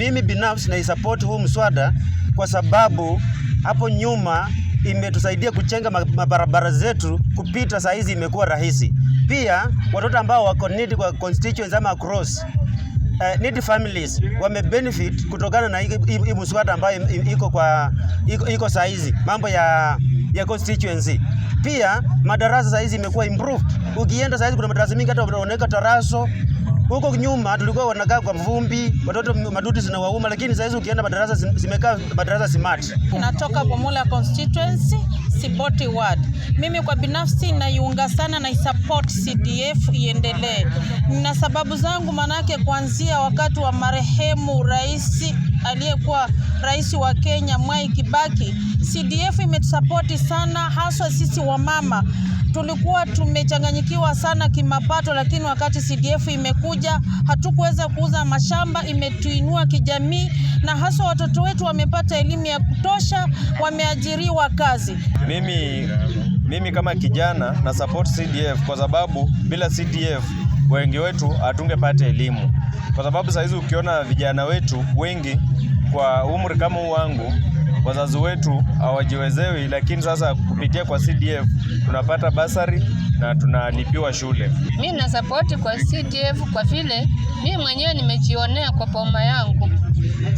Mimi binafsi naisapoti huu mswada kwa sababu hapo nyuma imetusaidia kuchenga mabarabara zetu kupita, saa hizi imekuwa rahisi. Pia watoto ambao wako need kwa constituents ama across uh, need families benefit kutokana na hii mswada ambayo iko kwa iko, iko saa hizi mambo ya ya constituency. Pia madarasa saa hizi imekuwa improved. Ukienda saa hizi kuna madarasa mingi hata unaweka taraso huko nyuma tulikuwa wanakaa kwa mvumbi, watoto madudu zinawauma, lakini sasa hizi ukienda madarasa zimekaa madarasa smart. Natoka Bumula constituency support ward. Mimi kwa binafsi naiunga sana na support CDF iendelee, na sababu zangu manake, kuanzia wakati wa marehemu rais aliyekuwa rais wa Kenya Mwai Kibaki, CDF imetusapoti sana, haswa sisi wamama tulikuwa tumechanganyikiwa sana kimapato, lakini wakati CDF imekuja hatukuweza kuuza mashamba, imetuinua kijamii, na haswa watoto wetu wamepata elimu ya kutosha, wameajiriwa kazi mimi, mimi kama kijana na support CDF kwa sababu bila CDF wengi wetu hatungepata elimu, kwa sababu saa hizi ukiona vijana wetu wengi kwa umri kama huu wangu, wazazi wetu hawajiwezewi, lakini sasa kupitia kwa CDF tunapata basari na tunalipiwa shule. Mimi na support kwa CDF kwa vile mimi mwenyewe nimejionea kwa poma yangu.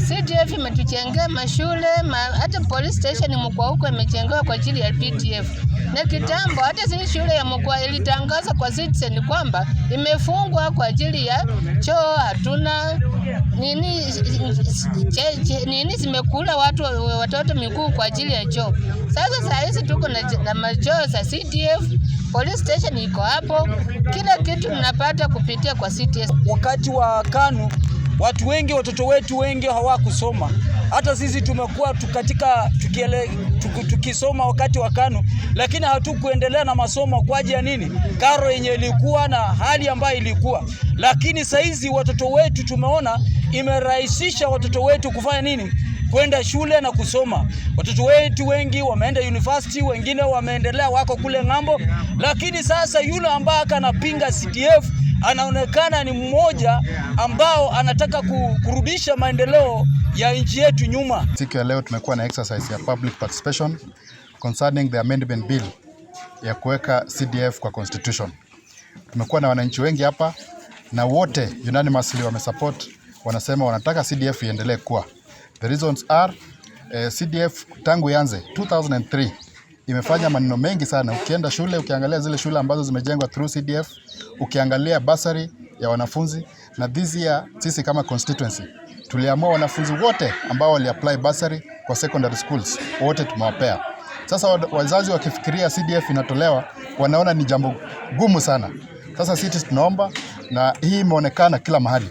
CDF imetuchengea mashule ma, hata police station mkoa huko imechengewa kwa ajili ya PDF. Na kitambo hata zile shule ya mkoa ilitangaza kwa citizen kwamba imefungwa kwa ajili ya choo, hatuna nini che, che, nini zimekula watu watoto miguu kwa ajili ya choo. Sasa saa hizi tuko na, na machoo za CDF Police station iko hapo, kila kitu mnapata kupitia kwa CTS. Wakati wa KANU watu wengi, watoto wetu wengi hawakusoma. Hata sisi tumekuwa tukatika tukiele, tuk, tukisoma wakati wa KANU, lakini hatukuendelea na masomo kwa ajili ya nini? Karo yenye ilikuwa na hali ambayo ilikuwa, lakini saizi watoto wetu tumeona imerahisisha watoto wetu kufanya nini kwenda shule na kusoma. Watoto wetu wengi wameenda university, wengine wameendelea, wako kule ng'ambo. Lakini sasa yule ambaye anapinga CDF anaonekana ni mmoja ambao anataka kurudisha maendeleo ya nchi yetu nyuma. Siku ya leo tumekuwa na exercise ya public participation concerning the amendment bill ya kuweka CDF kwa constitution. Tumekuwa na wananchi wengi hapa na wote unanimously wamesupport, wanasema wanataka CDF iendelee kuwa The reasons are eh, CDF tangu ianze 2003 imefanya maneno mengi sana. Ukienda shule ukiangalia zile shule ambazo zimejengwa through CDF, ukiangalia basari ya wanafunzi, na this year sisi kama constituency tuliamua wanafunzi wote ambao waliapply basari kwa secondary schools wote tumewapea. Sasa wazazi wakifikiria CDF inatolewa, wanaona ni jambo gumu sana. Sasa sisi tunaomba, na hii imeonekana kila mahali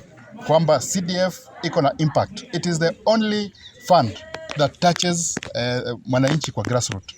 kwamba CDF iko na impact. It is the only fund that touches uh, mwananchi kwa grassroots.